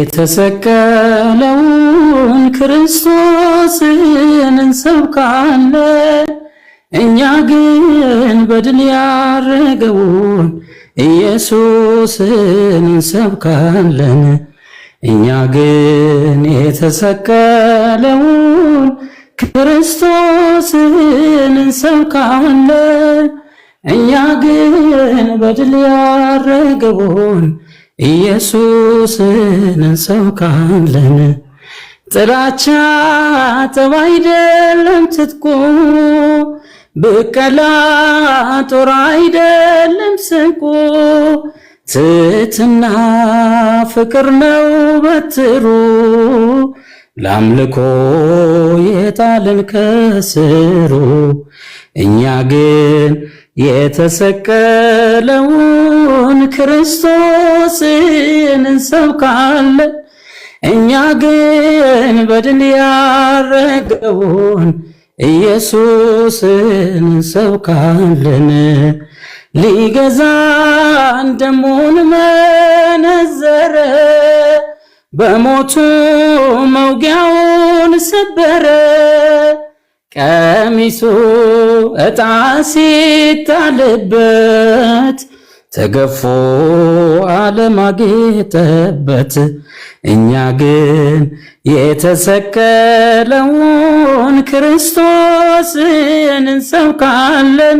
የተሰቀለውን ክርስቶስን እንሰብካለን እኛ ግን በድል ያረገውን ኢየሱስን እንሰብካለን። እኛ ግን የተሰቀለውን ክርስቶስን እንሰብካለን። እኛ ግን በድል ያረገውን ኢየሱስን ሰው ካለን ጥላቻ ጠብ አይደለም ትጥቁ ብቀላ ጦር አይደለም ስንቁ ትትና ፍቅር ነው በትሩ ለአምልኮ የጣልን ከስሩ እኛ ግን የተሰቀለውን ክርስቶስን እንሰብካለን። እኛ ግን በድል ያረገውን ኢየሱስን እንሰብካለን። ሊገዛን ደሙን መነዘረ በሞቱ መውጊያውን ሰበረ ቀሚሱ እጣ ሲጣልበት ተገፎ ዓለም አጌጠበት። እኛ ግን የተሰቀለውን ክርስቶስን እንሰብካለን።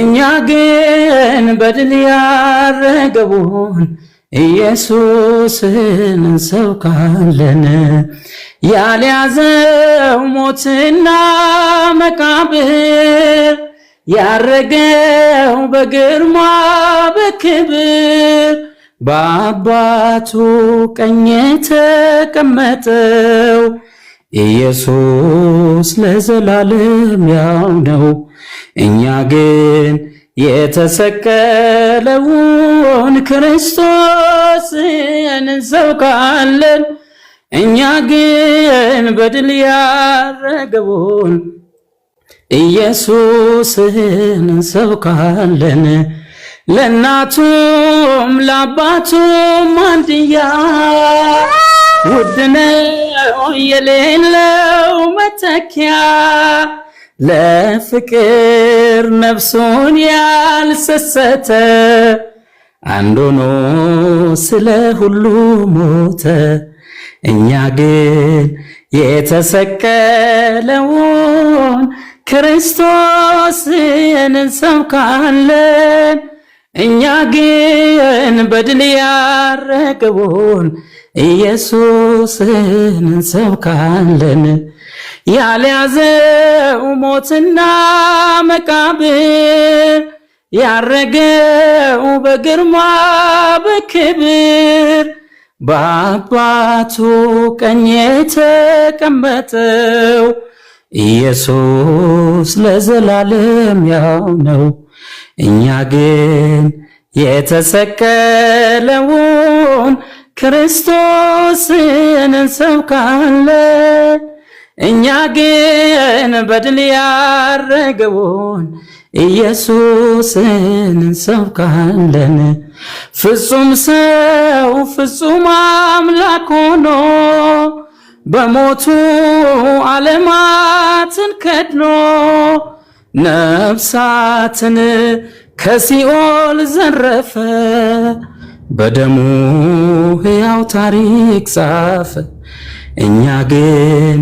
እኛ ግን በድል ያረገቡን ኢየሱስን ሰው ካለን ያልያዘው ሞትና መቃብር ያረገው በግርማ በክብር በአባቱ ቀኝ የተቀመጠው ኢየሱስ ለዘላለም ያው ነው። እኛ ግን የተሰቀለውን ክርስቶስን እንሰብካለን እኛ ግን በድል ያረገውን ኢየሱስን እንሰብካለን። ለእናቱም ለአባቱም አንድያ ውድ ነው የሌለው መተኪያ ለፍቅር ነፍሱን ያልሰሰተ አንድ ሆኖ ስለ ሁሉ ሞተ። እኛ ግን የተሰቀለውን ክርስቶስን እንሰብካለን። እኛ ግን በድል ያረገውን ኢየሱስን እንሰብካለን። ያልያዘው ሞትና መቃብር ያረገው በግርማ በክብር በአባቱ ቀኝ የተቀመጠው ኢየሱስ ለዘላለም ያው ነው። እኛ ግን የተሰቀለውን ክርስቶስን እንሰብካለን። እኛ ግን በድል ያረገውን ኢየሱስን እንሰብካለን። ፍጹም ሰው ፍጹም አምላክ ሆኖ በሞቱ ዓለማትን ከድኖ ነፍሳትን ከሲኦል ዘረፈ። በደሙ ሕያው ታሪክ ጻፈ። እኛ ግን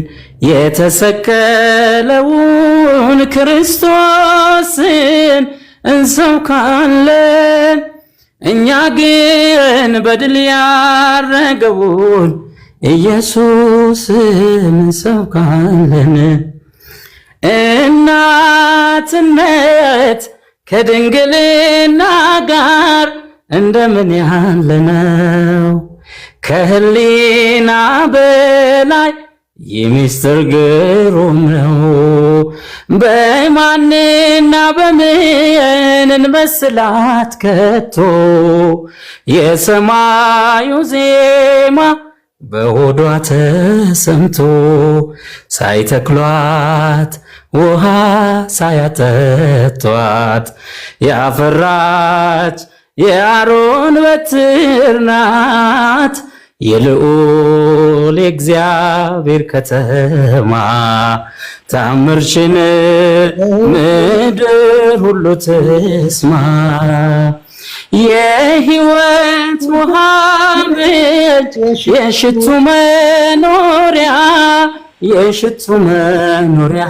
የተሰቀለውን ክርስቶስን እንሰብካለን። እኛ ግን በድል ያረገውን ኢየሱስን እንሰብካለን። እናትነት ከድንግልና ጋር እንደምን ያለ ነው። ከህሊና በላይ የሚስጥር ግሩም ነው። በማንና በምን መስላት ከቶ የሰማዩ ዜማ በሆዷ ተሰምቶ ሳይተክሏት ውሃ ሳያጠጧት ያፈራች የአሮን በትር ናት። የልዑል እግዚአብሔር ከተማ ተአምርሽን ምድር ሁሉ ትስማ። የህይወት ሙሃመድ የሽቱ መኖሪያ የሽቱ መኖሪያ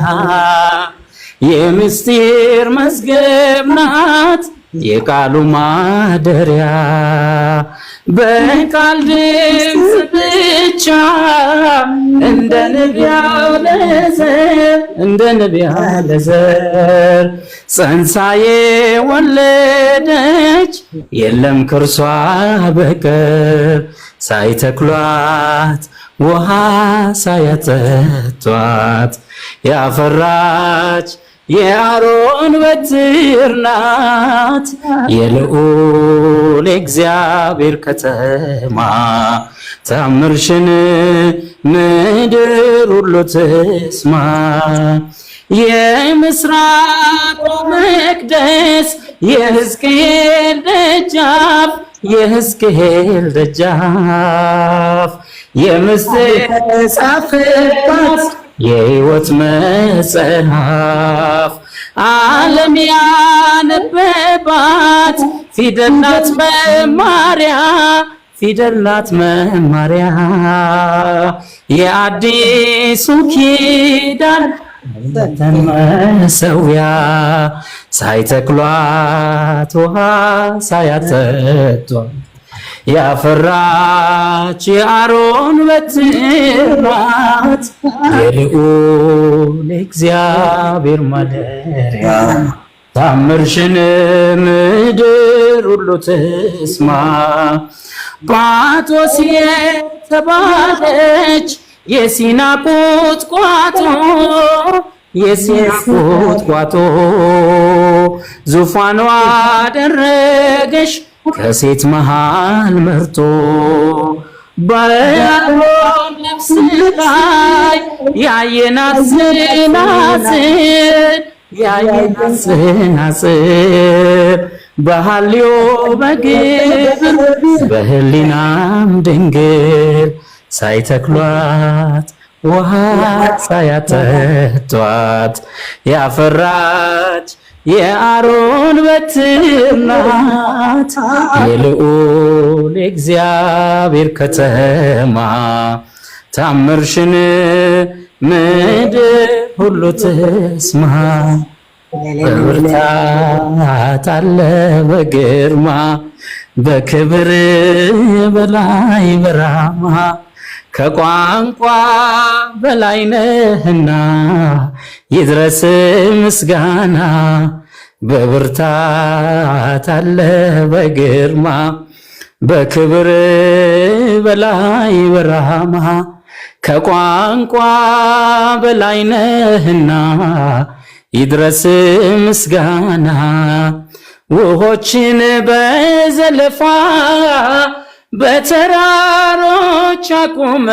የምስጢር መዝገብ ናት የቃሉ ማደሪያ በቃል ድምፅ ብቻ እንደ ንብ ዘር እንደ ንብ ዘር ጸንሳ የወለደች የለም ከርሷ በቀር ሳይተክሏት ውሃ ሳያጠጧት ያፈራች የአሮን በትር ናት የልዑል እግዚአብሔር ከተማ ታምርሽን ምድር ሁሉ ትስማ። የምስራቁ መቅደስ የሕዝቅኤል ደጃፍ የሕዝቅኤል ደጃፍ የምስጢር ተጻፈባት የህይወት መጽሐፍ ዓለም ያነበባት ፊደል ናት መማሪያ ፊደል ናት መማሪያ የአዲሱ ኪዳን መሰዊያ ሳይተክሏት ውሃ ሳያጠጧ ያፈራች የአሮን በትር ናት፣ የልዑል እግዚአብሔር ማደሪያ። ታምርሽን ምድር ሁሉ ትስማ። ጳጦስ የተባለች የሲና ቁጥቋጦ የሲና ቁጥቋጦ ዙፋኗ አደረገሽ ከሴት መሃል መርቶ ባያሎ ነፍስ ላይ ያየናት ስናስር ያየናት በግብር በህሊናም ድንግል ሳይተክሏት ውሃ ሳያጠጧት ያፈራች የአሮን በትር ናት የልዑል እግዚአብሔር ከተማ ታምርሽን ምድር ሁሉ ትስማ። በብርታት አለ በግርማ በክብር በላይ በራማ ከቋንቋ በላይ ነህና ይድረስ ምስጋና በብርታት አለ በግርማ በክብር በላይ በራማ ከቋንቋ በላይ ነህና ይድረስ ምስጋና ውሆችን በዘለፋ በተራሮች አቆመ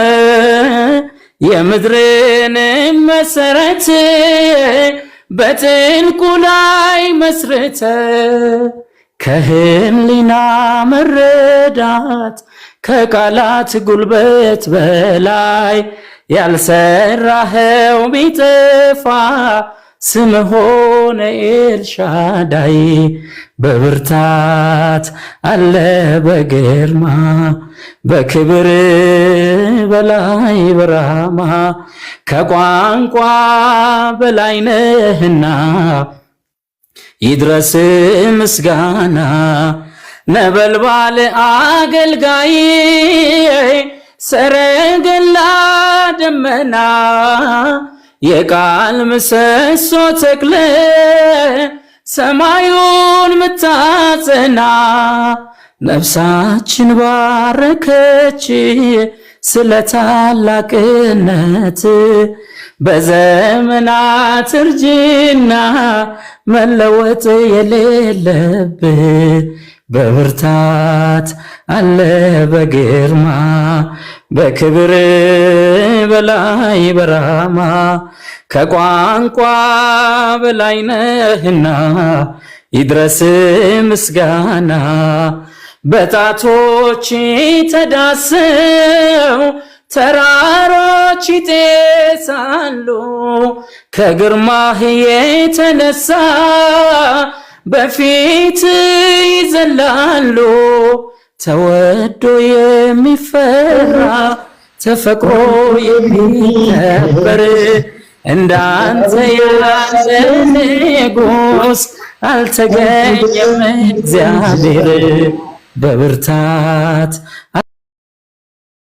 የምድርን መሰረት በጥልቁ ላይ መስረተ ከህሊና መረዳት ከቃላት ጉልበት በላይ ያልሰራኸው ቢጠፋ ስም ሆነ ኤልሻዳይ በብርታት አለ በግርማ በክብር በላይ በራማ ከቋንቋ በላይ ነህና ይድረስ ምስጋና ነበልባል አገልጋይ ሰረገላ ደመና የቃል ምሰሶ ተክለ ሰማዩን ምታጸና ነፍሳችን ባረከች ስለ ታላቅነት በዘመናት እርጅና መለወጥ የሌለብ በብርታት አለ በግርማ በክብር በላይ በራማ ከቋንቋ በላይ ነህና ይድረስ ምስጋና። በጣቶች ተዳሰው ተራሮች ይጤሳሉ ከግርማህ የተነሳ በፊት ይዘላሉ ተወዶ የሚፈራ ተፈቅሮ የሚከበር እንዳንተ ያለ ንጉሥ አልተገኘም እግዚአብሔር በብርታት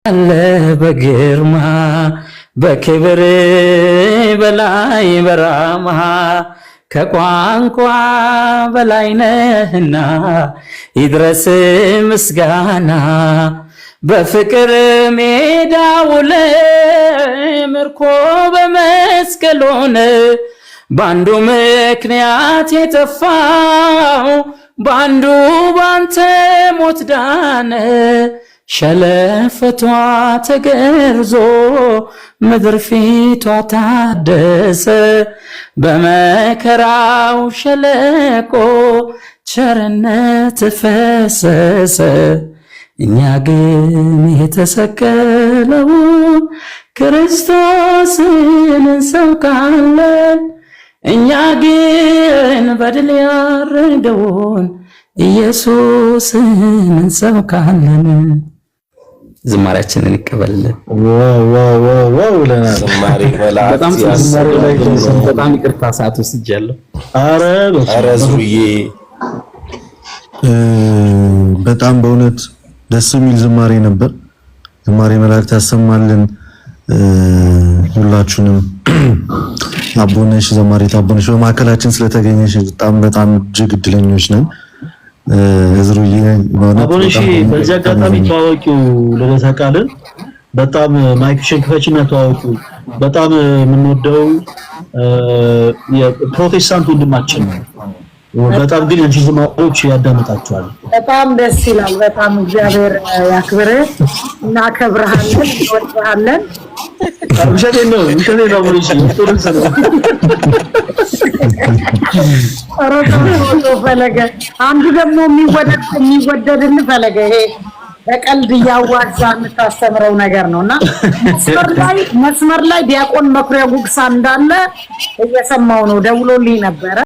አለ በግርማ በክብር በላይ በራማ ከቋንቋ በላይ ነህና ይድረስ ምስጋና በፍቅር ሜዳ ውለ ምርኮ በመስቀል ሆነ በአንዱ ምክንያት የጠፋው በአንዱ ባንተ ሞት ዳነ። ሸለፈቷ ተገርዞ ምድር ፊቷ ታደሰ በመከራው ሸለቆ ቸርነት ፈሰሰ። እኛ ግን የተሰቀለውን ክርስቶስን እንሰብካለን። እኛ ግን በድል ያረደውን ኢየሱስን እንሰብካለን። ዝማሪያችንን ይቀበልልን። በጣም ይቅርታ ሰዓት ወስጃለሁ። በጣም በእውነት ደስ የሚል ዝማሬ ነበር። ዝማሬ መላእክት ያሰማልን። ሁላችሁንም አቦነሽ ዘማሪት አቦነሽ በማዕከላችን ስለተገኘሽ በጣም በጣም እጅግ እድለኞች ነን። ህዝሩዬ አቦን እሺ፣ በዚህ አጋጣሚ ተዋወቂው ልደታ ቃልን በጣም ማይክሽን ክፈችና ተዋወቂው በጣም የምንወደው የፕሮቴስታንት ወንድማችን ነው። በጣም ግን አንቺ ዝማሬዎች ያዳምጣቸዋል። በጣም ደስ ይላል። በጣም እግዚአብሔር ያክብር እና ከብርሃንን ወጥሃለን ውሸቴ ነው ውሸቴ ነው ብሎ ጥሩ ነው ፈለገ አንዱ ደግሞ የሚወደድን ፈለገ ይሄ በቀልድ እያዋዛ የምታስተምረው ነገር ነው እና መስመር ላይ ዲያቆን መኩሪያ ጉግሳ እንዳለ እየሰማው ነው። ደውሎልኝ ነበረ።